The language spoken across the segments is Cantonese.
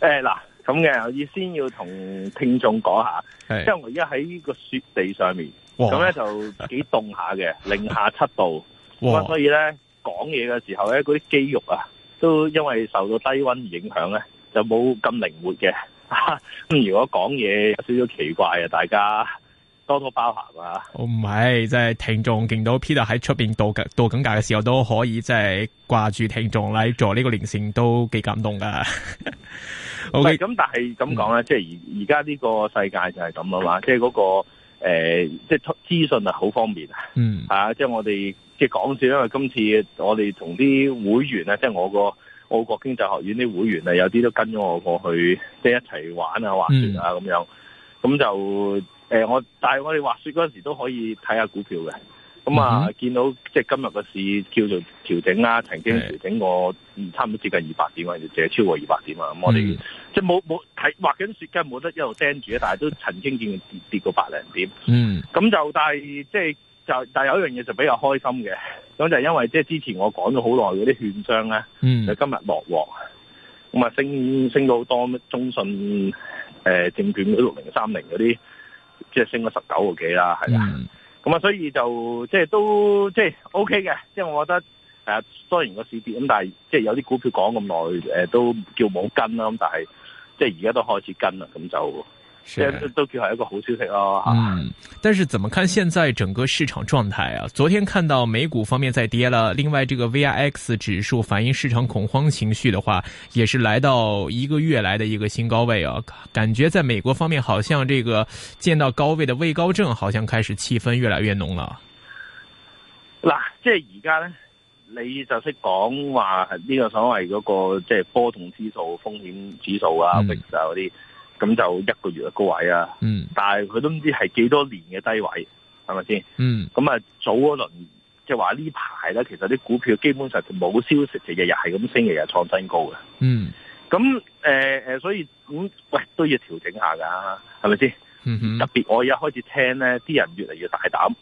誒，嗱，咁嘅，我要先要同聽眾講下，因為我而家喺呢個雪地上面，咁咧，就幾凍下嘅，零下七度，咁所以咧，講嘢嘅時候咧，嗰啲肌肉啊，都因為受到低温而影響咧，就冇咁靈活嘅，咁如果講嘢有少少奇怪啊，大家。多多包涵啊！我唔係即係聽眾見到 Peter 喺出邊度緊度緊架嘅時候，都可以即係掛住聽眾啦。做呢個連線都幾感動噶。O K，咁但係咁講咧，嗯、即係而而家呢個世界就係咁啊嘛。即係、那、嗰個誒、呃，即係資訊啊，好方便啊。嗯，吓，即係我哋即係講笑，因為今次我哋同啲會員啊，即係我個澳國經濟學院啲會員啊，有啲都跟咗我過去，即係一齊玩啊、滑雪啊咁、嗯、樣，咁就。誒、欸，我但係我哋滑雪嗰陣時都可以睇下股票嘅，咁啊、嗯、哼見到即係今日個市叫做調整啦，曾經調整過，唔、嗯、差唔多接近二百點或者超過二百點啊，咁我哋、嗯、即係冇冇睇滑緊雪，梗冇得一路盯住嘅。但係都曾經見跌跌，跌過百零點，嗯，咁就但係即係就但係有一樣嘢就比較開心嘅，咁就因為即係之前我講咗好耐嗰啲券商咧，嗯、就今日落鑊，咁啊升升到好多，中信誒、呃、證券嗰啲六零三零嗰啲。即係升咗十九個幾啦，係啊，咁啊、嗯，所以就即係都即係 O K 嘅，即係、OK、我覺得誒、呃，雖然個市跌，咁但係即係有啲股票講咁耐誒，都叫冇跟啦，咁但係即係而家都開始跟啦，咁就。都叫係一個好消息咯，嗯，但是怎麼看現在整個市場狀態啊？昨天看到美股方面在跌了，另外這個 VIX 指數反映市場恐慌情緒的話，也是來到一個月來的一個新高位啊。感覺在美國方面，好像這個見到高位的畏高症，好像開始氣氛越來越濃了。嗱，即係而家呢，你就識講話呢個所謂嗰個即係波動指數、風險指數啊、VIX 嗰啲。咁就一個月嘅高位啊，嗯、但係佢都唔知係幾多年嘅低位，係咪先？嗯，咁啊早嗰輪即係話呢排咧，其實啲股票基本上就冇消息，日日係咁升，日日創新高嘅、嗯呃。嗯，咁誒所以咁喂都要調整下㗎，係咪先？嗯哼，特別我一開始聽咧，啲人越嚟越大膽。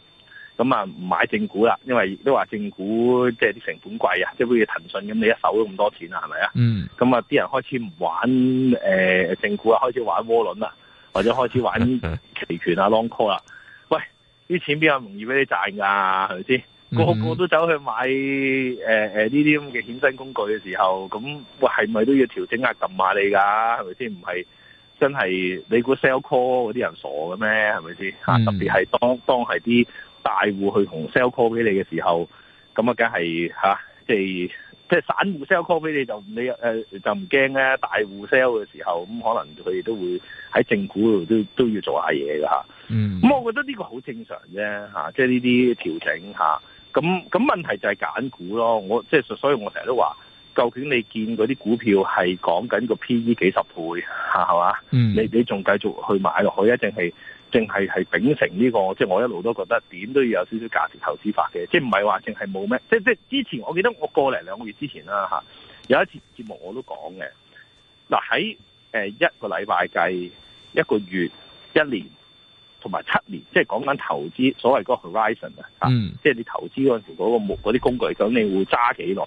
咁啊，唔買正股啦，因為都話正股即係啲成本貴啊，即係好似騰訊咁，你一手都咁多錢啊，係咪啊？咁啊、嗯，啲人開始唔玩誒、呃、正股啊，開始玩窩輪啦，或者開始玩期權啊、 long call 啦。喂，啲錢邊有容易俾你賺㗎、啊？係咪先？個、嗯、個都走去買誒呢啲咁嘅衍生工具嘅時候，咁喂，係咪都要調整壓撳下，下你㗎、啊？係咪先？唔係真係你估 sell call 嗰啲人傻嘅咩？係咪先？吓，特別係當、嗯、當係啲。大戶去同 sell call 俾你嘅時候，咁啊，梗係吓，即係即係散戶 sell call 俾你就你誒就唔驚咧，大戶 sell 嘅時候，咁、嗯、可能佢哋都會喺正股度都都要做下嘢噶吓，嗯，咁我覺得呢個好正常啫吓，即係呢啲調整下，咁、啊、咁問題就係揀股咯，我即係所以我成日都話，究竟你見嗰啲股票係講緊個 PE 幾十倍吓係嘛，你你仲繼續去買落去一定係？淨係係秉承呢、這個，即、就、係、是、我一路都覺得點都要有少少價值投資法嘅，即係唔係話淨係冇咩，即係即係之前我記得我過嚟兩個月之前啦吓，有一次節目我都講嘅，嗱喺誒一個禮拜計一個月一年同埋七年，即係講緊投資所謂嗰個 horizon、mm. 啊，即係你投資嗰陣時嗰、那個木啲工具，咁你會揸幾耐？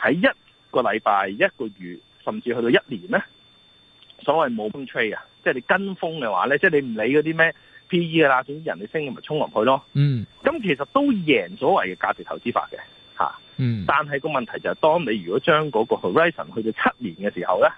喺一個禮拜一個月，甚至去到一年咧，所謂冇 o 吹 e 啊。即係你跟風嘅話咧，即係你唔理嗰啲咩 PE 啦，總之人哋升嘅咪衝落去咯。嗯，咁其實都贏所謂嘅價值投資法嘅嚇。嗯，但係個問題就係，當你如果將嗰個 Horizon 去到七年嘅時候咧，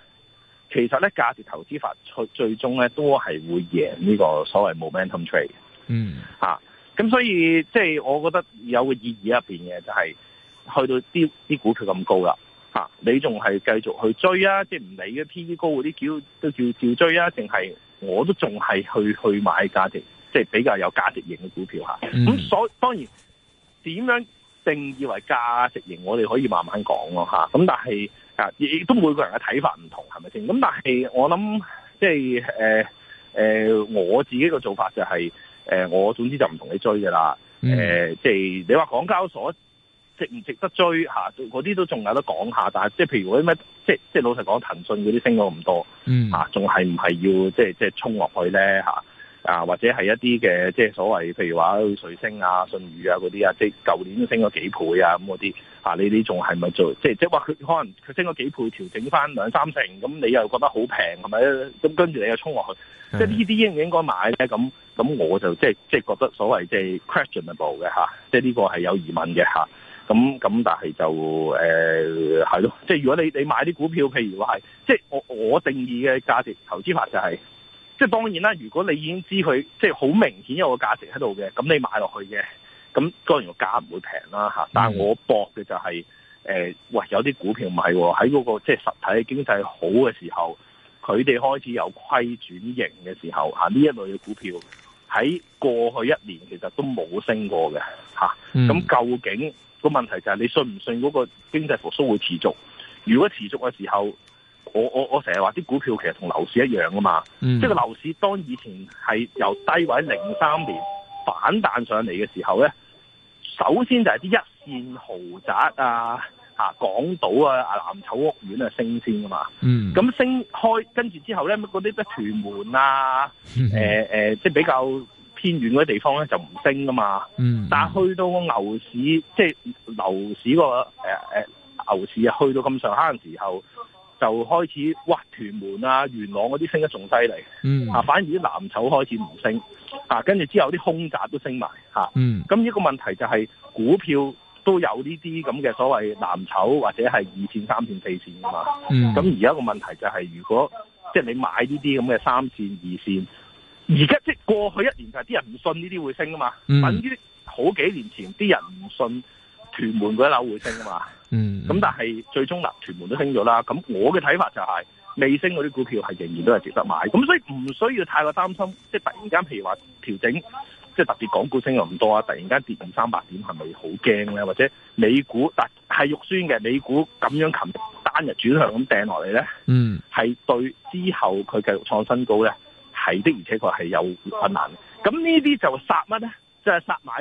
其實咧價值投資法最最終咧都係會贏呢個所謂 momentum trade 嗯，嚇、mm. 啊，咁所以即係我覺得有個意義入邊嘅就係去到啲啲股票咁高啦。啊、你仲係繼續去追啊，即係唔理嘅 P E 高嗰啲，都叫都照追啊，定係我都仲係去去買價值，即係比較有價值型嘅股票嚇。咁、mm hmm. 所當然點樣定義為價值型，我哋可以慢慢講咯嚇。咁但係啊，亦、啊啊、都每個人嘅睇法唔同，係咪先？咁但係我諗即係我自己嘅做法就係、是呃、我總之就唔同你追嘅啦。即係、mm hmm. 呃即係、你話港交所。值唔值得追嚇？嗰、啊、啲都仲有得講下，但係即係譬如嗰啲咩，即係即係老實講，騰訊嗰啲升咗咁多，嗯、mm. 啊，仲係唔係要即係即係衝落去咧嚇？啊，或者係一啲嘅即係所謂，譬如話瑞聲啊、舜宇啊嗰啲啊，即係舊年都升咗幾倍啊咁嗰啲啊，呢啲仲係咪做？即係即係話佢可能佢升咗幾倍，調整翻兩三成，咁你又覺得好平係咪？咁跟住你又衝落去，mm. 即係呢啲應唔應該買咧？咁咁我就即係即係覺得所謂即係 questionable 嘅嚇，即係呢、啊、個係有疑問嘅嚇。啊咁咁，但係就誒係咯，即係如果你你買啲股票，譬如話係，即係我我定義嘅價值投資法就係、是，即係當然啦，如果你已經知佢即係好明顯有個價值喺度嘅，咁你買落去嘅，咁當然個價唔會平啦、嗯、但係我搏嘅就係、是、誒、呃，喂有啲股票唔係喺嗰個即係實體經濟好嘅時候，佢哋開始有虧轉盈嘅時候，呢一類嘅股票喺過去一年其實都冇升過嘅嚇。咁、啊、究竟？個問題就係你信唔信嗰個經濟復甦會持續？如果持續嘅時候，我我我成日話啲股票其實同樓市一樣噶嘛，即係個樓市當以前係由低位零三年反彈上嚟嘅時候呢，首先就係啲一,一線豪宅啊、吓港島啊、啊藍籌屋苑啊升先噶嘛，咁、嗯、升開跟住之後呢，嗰啲咩屯門啊、誒、呃、即、呃、係、就是、比較。偏遠啲地方咧就唔升噶嘛，嗯、但係去到個牛市，即係樓市個誒誒牛市啊，呃、牛市去到咁上下嘅時候就開始哇，屯門啊、元朗嗰啲升得仲犀利，啊、嗯、反而啲藍籌開始唔升，啊跟住之後啲空宅都升埋，吓、啊，咁呢、嗯、個問題就係股票都有呢啲咁嘅所謂藍籌或者係二線、三線、四線噶嘛，咁而家一個問題就係、是、如果即係、就是、你買呢啲咁嘅三線、二線，而家即過去一年就係啲人唔信呢啲會升㗎嘛，嗯、等於好幾年前啲人唔信屯門嗰一樓會升㗎嘛。咁、嗯、但係最終屯門都升咗啦。咁我嘅睇法就係、是、未升嗰啲股票係仍然都係值得買。咁所以唔需要太過擔心，即係突然間譬如話調整，即係特別港股升咗咁多啊，突然間跌成三百點係咪好驚咧？或者美股，但係肉酸嘅美股咁樣琴日單日轉向咁掟落嚟咧，係、嗯、對之後佢繼續創新高咧？係的，而且佢係有困難嘅。咁呢啲就殺乜咧？就係、是、殺買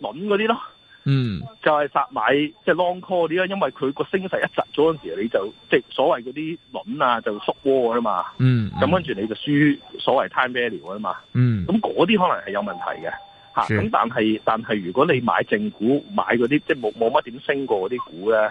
輪嗰啲咯。嗯，就係殺買即係 long call 啲啦。因為佢個升勢一窒咗嗰時，你就即係所謂嗰啲輪啊就縮窩噶啦嘛。嗯，咁跟住你就輸所謂 time value 噶啦嘛。嗯，咁嗰啲可能係有問題嘅。吓的，咁、啊、但係但係如果你買正股，買嗰啲即係冇冇乜點升過嗰啲股咧？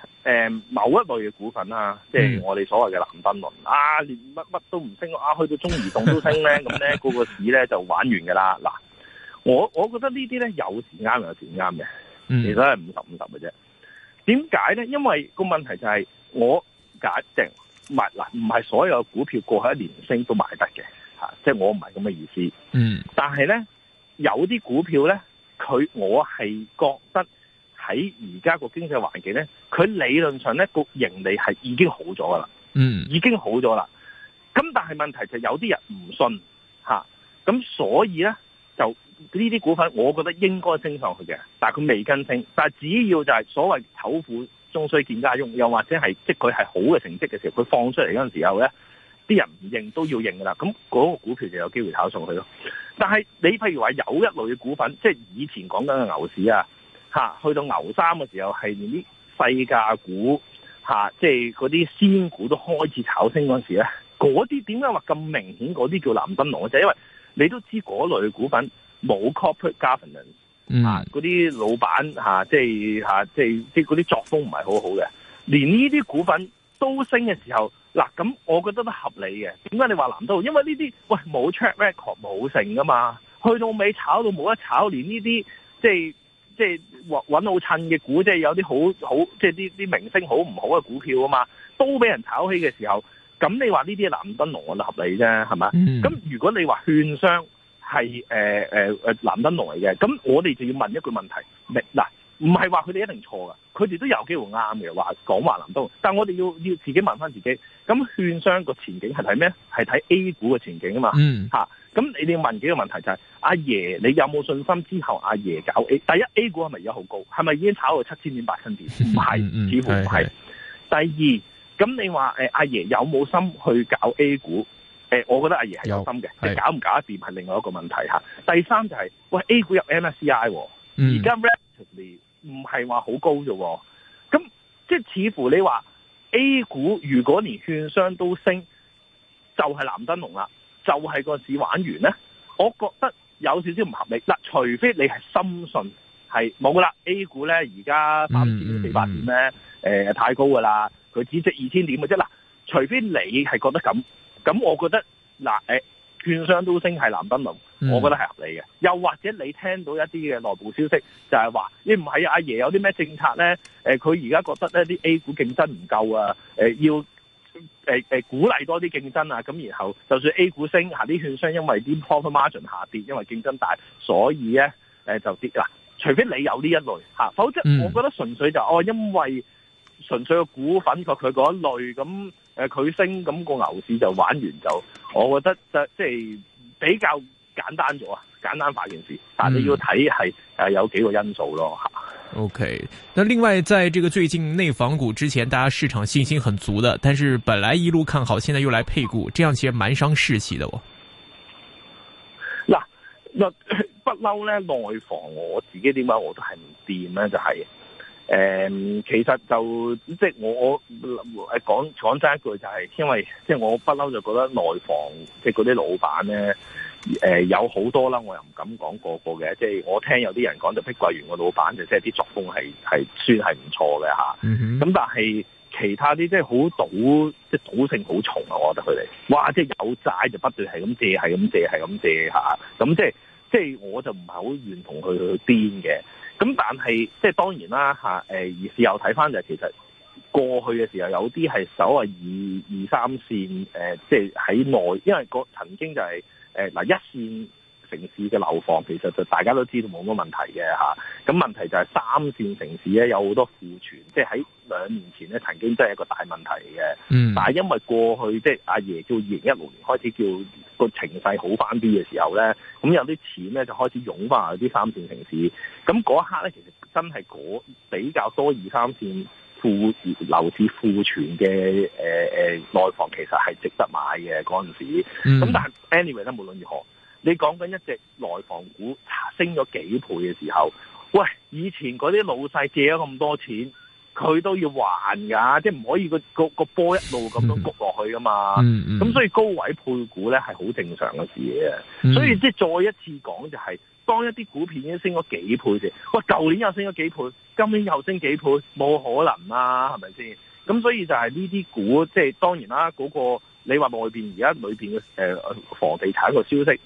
誒、嗯，某一類嘅股份啦，即係我哋所謂嘅藍燈籠、嗯、啊，連乜乜都唔升啊，去到中移動都升咧，咁咧，嗰個市咧就玩完噶啦。嗱，我我覺得呢啲咧有時啱，有時唔啱嘅，其實係五十五十嘅啫。點解咧？因為個問題就係我假定物嗱，唔係所有股票過去一年升都買得嘅吓，即係我唔係咁嘅意思。嗯。但係咧，有啲股票咧，佢我係覺得。喺而家個經濟環境咧，佢理論上咧個盈利係已經好咗噶啦，嗯，已經好咗啦。咁但係問題就係有啲人唔信吓，咁、啊、所以咧就呢啲股份，我覺得應該升上去嘅，但係佢未跟升。但係只要就係所謂醜婦終須見家翁，又或者係即佢係好嘅成績嘅時候，佢放出嚟嗰陣時候咧，啲人唔認都要認噶啦。咁、那、嗰個股票就有機會炒上去咯。但係你譬如話有一類嘅股份，即係以前講緊嘅牛市啊。嚇，去到牛三嘅時候，係連啲細價股嚇，即係嗰啲仙股都開始炒升嗰陣時咧，嗰啲點解話咁明顯？嗰啲叫藍燈籠，就是、因為你都知嗰類股份冇 corporate governance，嗰啲、mm. 老闆嚇，即係即係嗰啲作風唔係好好嘅，連呢啲股份都升嘅時候，嗱、啊、咁，我覺得都合理嘅。點解你話藍燈籠？因為呢啲喂冇 track record 冇成噶嘛，去到尾炒到冇得炒，連呢啲即係即係搵好到襯嘅股，即、就、係、是、有啲好好，即係啲啲明星好唔好嘅股票啊嘛，都俾人炒起嘅時候，咁你話呢啲係藍燈籠就合理啫，係咪？咁、嗯、如果你話券商係誒誒誒藍燈籠嚟嘅，咁、呃呃、我哋就要問一個問題，咪嗱唔係話佢哋一定錯噶，佢哋都有機會啱嘅，話講話藍燈籠但係我哋要要自己問翻自己，咁券商個前景係睇咩？係睇 A 股嘅前景啊嘛，吓、嗯。咁你哋問幾個問題就係、是、阿爺，你有冇信心之後阿爺搞 A？第一 A 股係咪而家好高？係咪已經炒到七千點八千點？唔係，似乎唔係。第二，咁你話誒、呃、阿爺有冇心去搞 A 股？誒、呃，我覺得阿爺係有心嘅，即搞唔搞得掂係另外一個問題吓、啊。第三就係、是、喂 A 股入 MSCI、啊嗯、而家 ratio 唔係話好高啫。咁即係似乎你話 A 股如果連券商都升，就係、是、藍燈籠啦。就係個市玩完呢，我覺得有少少唔合理。嗱，除非你係深信係冇啦，A 股呢而家百點四百點呢，誒太高噶啦，佢只值二千點嘅啫。嗱，除非你係覺得咁，咁我覺得嗱誒，券、呃、商都升係藍燈籠，我覺得係合理嘅。又或者你聽到一啲嘅內部消息，就係話你唔係阿爺有啲咩政策呢？誒，佢而家覺得呢啲 A 股競爭唔夠啊，呃、要。誒誒、呃呃呃，鼓勵多啲競爭啊！咁然後就算 A 股升，下啲券商因為啲 profit margin 下跌，因為競爭大，所以咧誒、呃、就跌啦、呃。除非你有呢一類嚇、啊，否則我覺得純粹就哦，因為純粹個股份確佢嗰一類，咁誒佢升，咁個牛市就玩完就。我覺得、呃、即係比較簡單咗啊，簡單化件事，但、啊、係你要睇係係有幾個因素咯嚇。啊 O、okay, K，那另外，在這個最近內房股之前，大家市場信心很足的，但是本來一路看好，現在又來配股，這樣其實蠻傷士氣的、哦。嗱、呃，不不嬲咧，內房我自己點解我都係唔掂咧？就係、是、誒、呃，其實就即係我我誒講講真一句就係、是，因為即係我不嬲就覺得內房即係嗰啲老闆咧。誒、呃，有好多啦，我又唔敢講個個嘅，即係我聽有啲人講就碧桂園個老闆就即係啲作風係係算係唔錯嘅吓，咁、mm hmm. 啊、但係其他啲即係好賭，即係賭性好重啊！我覺得佢哋，哇，即係有債就不斷係咁借，係咁借，係咁借吓，咁、啊、即係即係我就唔係好願同佢去癲嘅，咁但係即係當然啦吓，誒、啊，而事後睇翻就其實過去嘅時候有啲係所謂二二三線誒、啊，即係喺內，因為個曾經就係、是。誒嗱，一線城市嘅樓房其實就大家都知道冇乜問題嘅嚇，咁問題就係三線城市咧有好多庫存，即係喺兩年前咧曾經都係一個大問題嘅。嗯，但係因為過去即係阿爺叫二零一六年開始叫個情勢好翻啲嘅時候咧，咁有啲錢咧就開始湧翻去啲三線城市，咁嗰一刻咧其實真係嗰比較多二三線樓市去庫存嘅誒誒內房其實係值得買嘅嗰陣時，咁、嗯、但係 anyway 咧無論如何，你講緊一隻內房股升咗幾倍嘅時候，喂，以前嗰啲老細借咗咁多錢，佢都要還㗎，即係唔可以個個，個波一路咁樣谷落去㗎嘛，咁、嗯嗯嗯、所以高位配股咧係好正常嘅事嘅，嗯、所以即係再一次講就係、是。當一啲股票已經升咗幾倍嘅，喂，舊年又升咗幾倍，今年又升幾倍，冇可能啦，啊，係咪先？咁所以就係呢啲股，即係當然啦，嗰，那個你話外邊而家裏邊嘅誒房地產個消息誒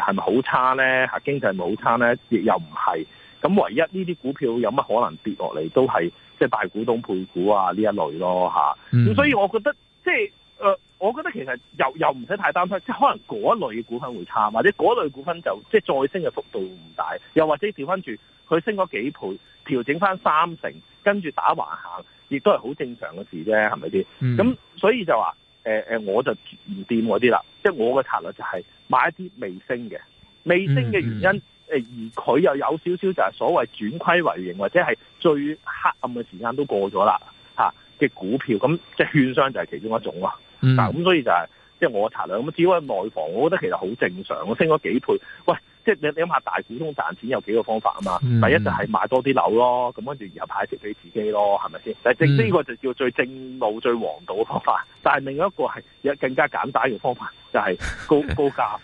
係咪好差咧？吓經濟係咪好差咧？亦又唔係，咁唯一呢啲股票有乜可能跌落嚟，都係即係大股東配股啊呢一類咯吓。咁，嗯，所以我覺得即係誒。呃我覺得其實又又唔使太擔心，即係可能嗰類嘅股份會差，或者嗰類股份就即係再升嘅幅度唔大，又或者調翻轉佢升咗幾倍，調整翻三成，跟住打橫行，亦都係好正常嘅事啫，係咪先？咁、嗯、所以就話、呃、我就唔掂嗰啲啦，即係我嘅策略就係買一啲未升嘅，未升嘅原因，嗯嗯而佢又有少少就係所謂轉虧為盈，或者係最黑暗嘅時間都過咗啦嘅股票，咁即係券商就係其中一種啊。嗱咁、嗯、所以就係即係我嘅策略咁，只要係內房，我覺得其實好正常，我升咗幾倍。喂，即係你你諗下，大股東賺錢有幾個方法啊嘛？第一就係買多啲樓咯，咁跟住然後派息俾自己咯，係咪先？但係正呢個就叫最正路、最王道嘅方法。但係另外一個係有更加簡單嘅方法，就係、是、高高價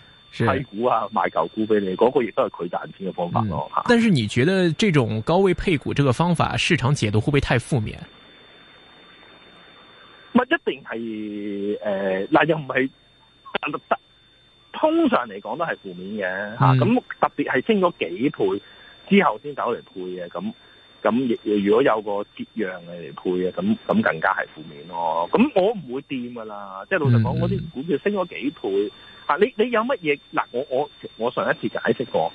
配股啊，賣舊股俾你，嗰是個亦都係佢賺錢嘅方法咯。嚇、嗯！但是你覺得這種高位配股這個方法，市場解讀會唔會太負面？唔一定係誒，嗱、呃、又唔係，但得通常嚟講都係負面嘅吓，咁、嗯啊、特別係升咗幾倍之後先走嚟配嘅，咁咁亦如果有個折讓嘅嚟配嘅，咁咁更加係負面咯。咁我唔會掂噶啦，即係老實講，嗰啲股票升咗幾倍啊！你你有乜嘢？嗱、啊，我我我上一次解釋過，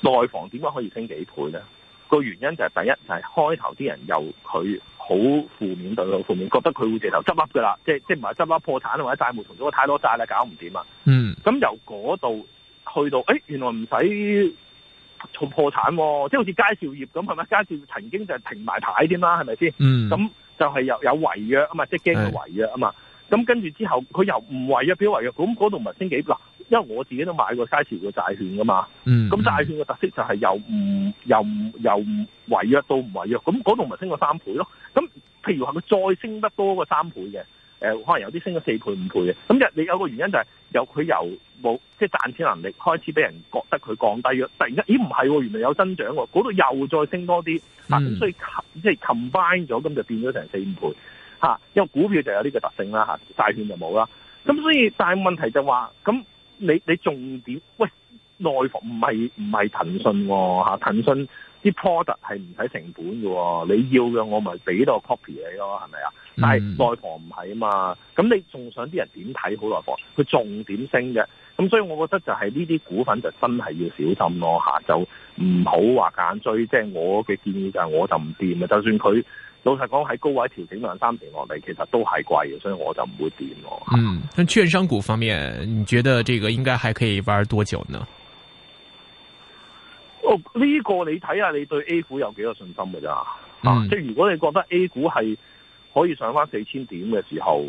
內房點解可以升幾倍咧？個原因就係、是、第一就係開頭啲人由佢。他好負面對佢負面，覺得佢會直頭執笠㗎啦，即係即係唔係執笠破產，或者債務同咗太多債啦，搞唔掂啊。嗯，咁由嗰度去到，誒、欸、原來唔使做破產、啊，即係好似佳兆業咁係咪？佳兆業曾經就係停埋牌添啦，係咪先？嗯，咁就係有有違約啊嘛，即係驚佢違約啊嘛。咁的跟住之後，佢又唔違約變咗違約，咁嗰度唔係升幾嗱？因為我自己都買過債市嘅債券㗎嘛，咁債券嘅特色就係又唔又唔又唔違約到唔違約，咁嗰度咪升過三倍咯？咁譬如話佢再升得多過三倍嘅，誒、呃、可能有啲升咗四倍五倍嘅，咁你有個原因就係、是、由佢由冇即係賺錢能力開始俾人覺得佢降低咗，突然間咦唔係喎，原來有增長喎、哦，嗰度又再升多啲，咁、啊、所以即係 combine 咗，咁就變咗成四五倍嚇、啊。因為股票就有呢個特性啦嚇，債券就冇啦。咁所以但係問題就話、是、咁。你你重點，喂，內房唔係唔係騰訊喎、啊、騰、啊、騰訊啲 product 係唔使成本喎、啊。你要嘅我咪俾到個 copy 你咯，係咪啊？是是啊嗯、但係內房唔係啊嘛，咁你仲想啲人點睇好內房？佢重點升嘅，咁所以我覺得就係呢啲股份就真係要小心咯、啊、嚇、啊，就唔好話揀追。即、就、係、是、我嘅建議就係我就唔掂啊，就算佢。老實講喺高位調整兩三成我哋其實都係貴嘅，所以我就唔會掂咯。嗯、但券商股方面，你覺得這個應該還可以玩多久呢？哦、呢、這個你睇下你對 A 股有幾多信心噶咋、嗯啊？即係如果你覺得 A 股係可以上翻四千點嘅時候，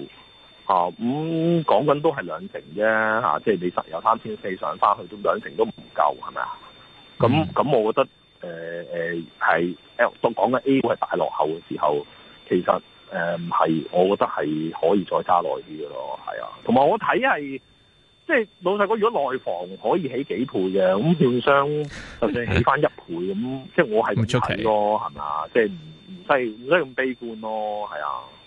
啊、咁、嗯、講緊都係兩成啫，吓、啊，即係你實有三千四上翻去都兩成都唔夠係咪啊？咁、咁、嗯、我覺得。誒誒，係、呃，當講緊 A 股係大落後嘅時候，其實誒係、嗯，我覺得係可以再揸耐啲嘅咯，係啊。同埋我睇係，即、就、係、是、老實講，如果內房可以起幾倍嘅，咁券商甚至起翻一倍咁，即係、 就是、我係唔着急咯，係啊，即係唔使唔使咁悲觀咯，係啊。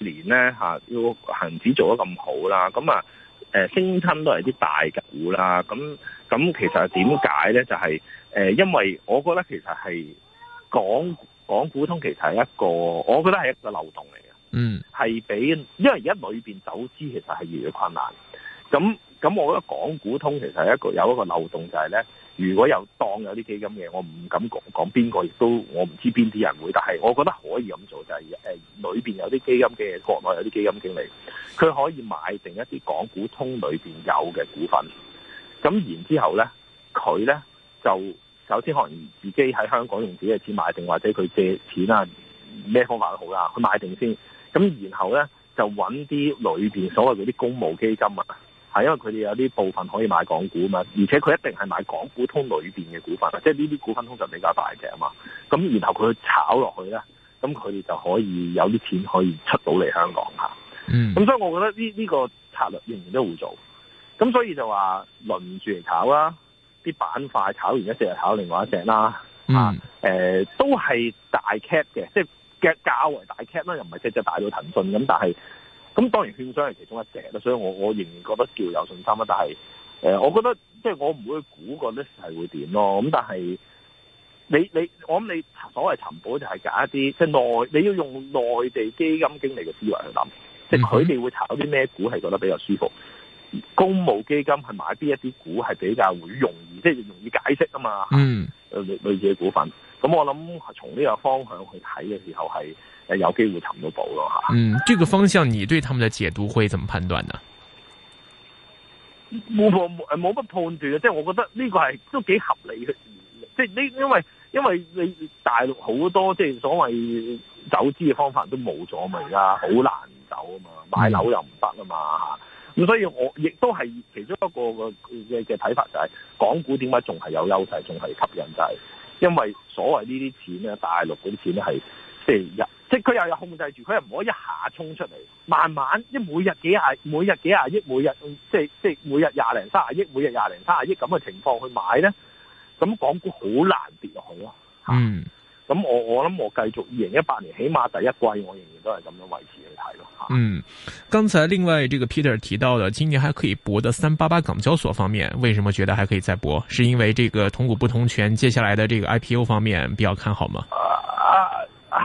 年咧嚇，要恆指做得咁好啦，咁啊誒升親都係啲大嘅股啦，咁、嗯、咁其實點解咧？就係誒，因為我覺得其實係港港股通其實係一個，我覺得係一個漏洞嚟嘅，嗯，係俾因為而家裏邊走資其實係越來越困難，咁咁我覺得港股通其實係一個有一個漏洞就係咧。如果有當有啲基金嘅，我唔敢講講邊個都，亦都我唔知邊啲人會，但係我覺得可以咁做，就係誒裏邊有啲基金嘅國內有啲基金經理，佢可以買定一啲港股通裏面有嘅股份，咁然之後呢，佢呢就首先可能自己喺香港用自己嘅錢買定，或者佢借錢啊咩方法都好啦，佢買定先，咁然後呢，就揾啲裏面所謂嗰啲公募基金啊。係因為佢哋有啲部分可以買港股嘛，而且佢一定係買港股通裏邊嘅股份啦，即係呢啲股份通常比較大隻啊嘛。咁然後佢去炒落去咧，咁佢哋就可以有啲錢可以出到嚟香港嚇。嗯，咁、嗯、所以我覺得呢呢、呢個策略仍然都會做。咁所以就話輪住嚟炒啦，啲板塊炒完一隻就炒另外一隻啦。嗯、啊，誒、呃、都係大 cap 嘅，即係 cap 較為大 cap 啦，又唔係隻隻大到騰訊咁，但係。咁當然，券商係其中一隻啦，所以我我仍然覺得叫有信心，但係、呃、我覺得即係我唔會估個呢 i 係會點咯。咁但係你你我諗你所謂尋寶就係揀一啲即係內你要用內地基金經理嘅思維去諗，即係佢哋會炒啲咩股係覺得比較舒服。公募基金係買啲一啲股係比較會容易，即、就、係、是、容易解釋啊嘛。嗯，類類似嘅股份。咁我諗從呢個方向去睇嘅時候係。有機會尋到寶咯嚇。嗯，呢個方向你對他們嘅解讀會怎麼判斷呢？冇冇乜判斷嘅。即係我覺得呢個係都幾合理嘅，即係呢，因為因為你大陸好多即係所謂走資嘅方法都冇咗嘛，而家好難走啊嘛，買樓又唔得啊嘛咁、嗯、所以我亦都係其中一個嘅嘅睇法就係港股點解仲係有優勢，仲係吸引就係、是、因為所謂呢啲錢咧，大陸嗰啲錢咧係即係入。即佢又有控制住，佢又唔可以一下衝出嚟，慢慢即每日幾廿、每日幾廿億、每日即即每日廿零三廿億、每日廿零三廿億咁嘅情況去買咧，咁港股好難跌落去咯。嗯，咁我我諗我繼續二零一八年起碼第一季，我仍然都係咁樣維持去睇咯。嗯，剛才另外這個 Peter 提到的今年還可以搏的三八八港交所方面，為什麼覺得還可以再搏？是因為這個同股不同權，接下來的這個 IPO 方面比較看好嗎？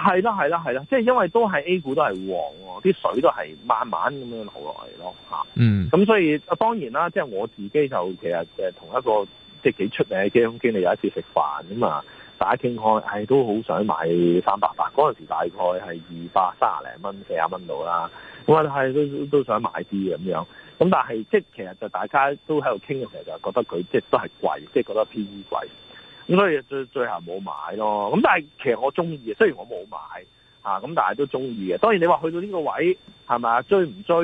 係啦，係啦，係啦，即係因為都係 A 股都係黃喎，啲水都係慢慢咁樣流落嚟咯，嚇。嗯。咁所以當然啦，即係我自己就其實誒同一個即係幾出名嘅基金經理有一次食飯啊嘛，大家傾開，係都好想買三百八，嗰陣時大概係二百三十零蚊、四廿蚊度啦，咁啊係都都想買啲咁樣。咁但係即係其實就大家都喺度傾嘅時候，就覺得佢即係都係貴，即係覺得偏貴。咁所以最最後冇買咯，咁但係其實我中意，雖然我冇買咁、啊、但係都中意嘅。當然你話去到呢個位係咪啊，追唔追，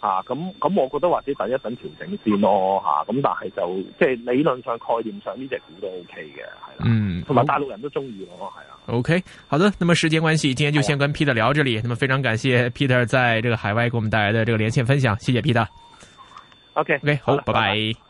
咁咁我覺得或者等一等調整先咯，吓、啊。咁但係就即係理論上概念上呢隻、這個、股都 O K 嘅，係啦。嗯，同埋大陸人都中意我話呀。O、okay, K，好的，那麼時間關係，今天就先跟 Peter 聊到這裡。哦、那麼非常感謝 Peter 在這個海外給我們帶來的這個連線分享，謝謝 Peter。O K，O K，好，拜拜。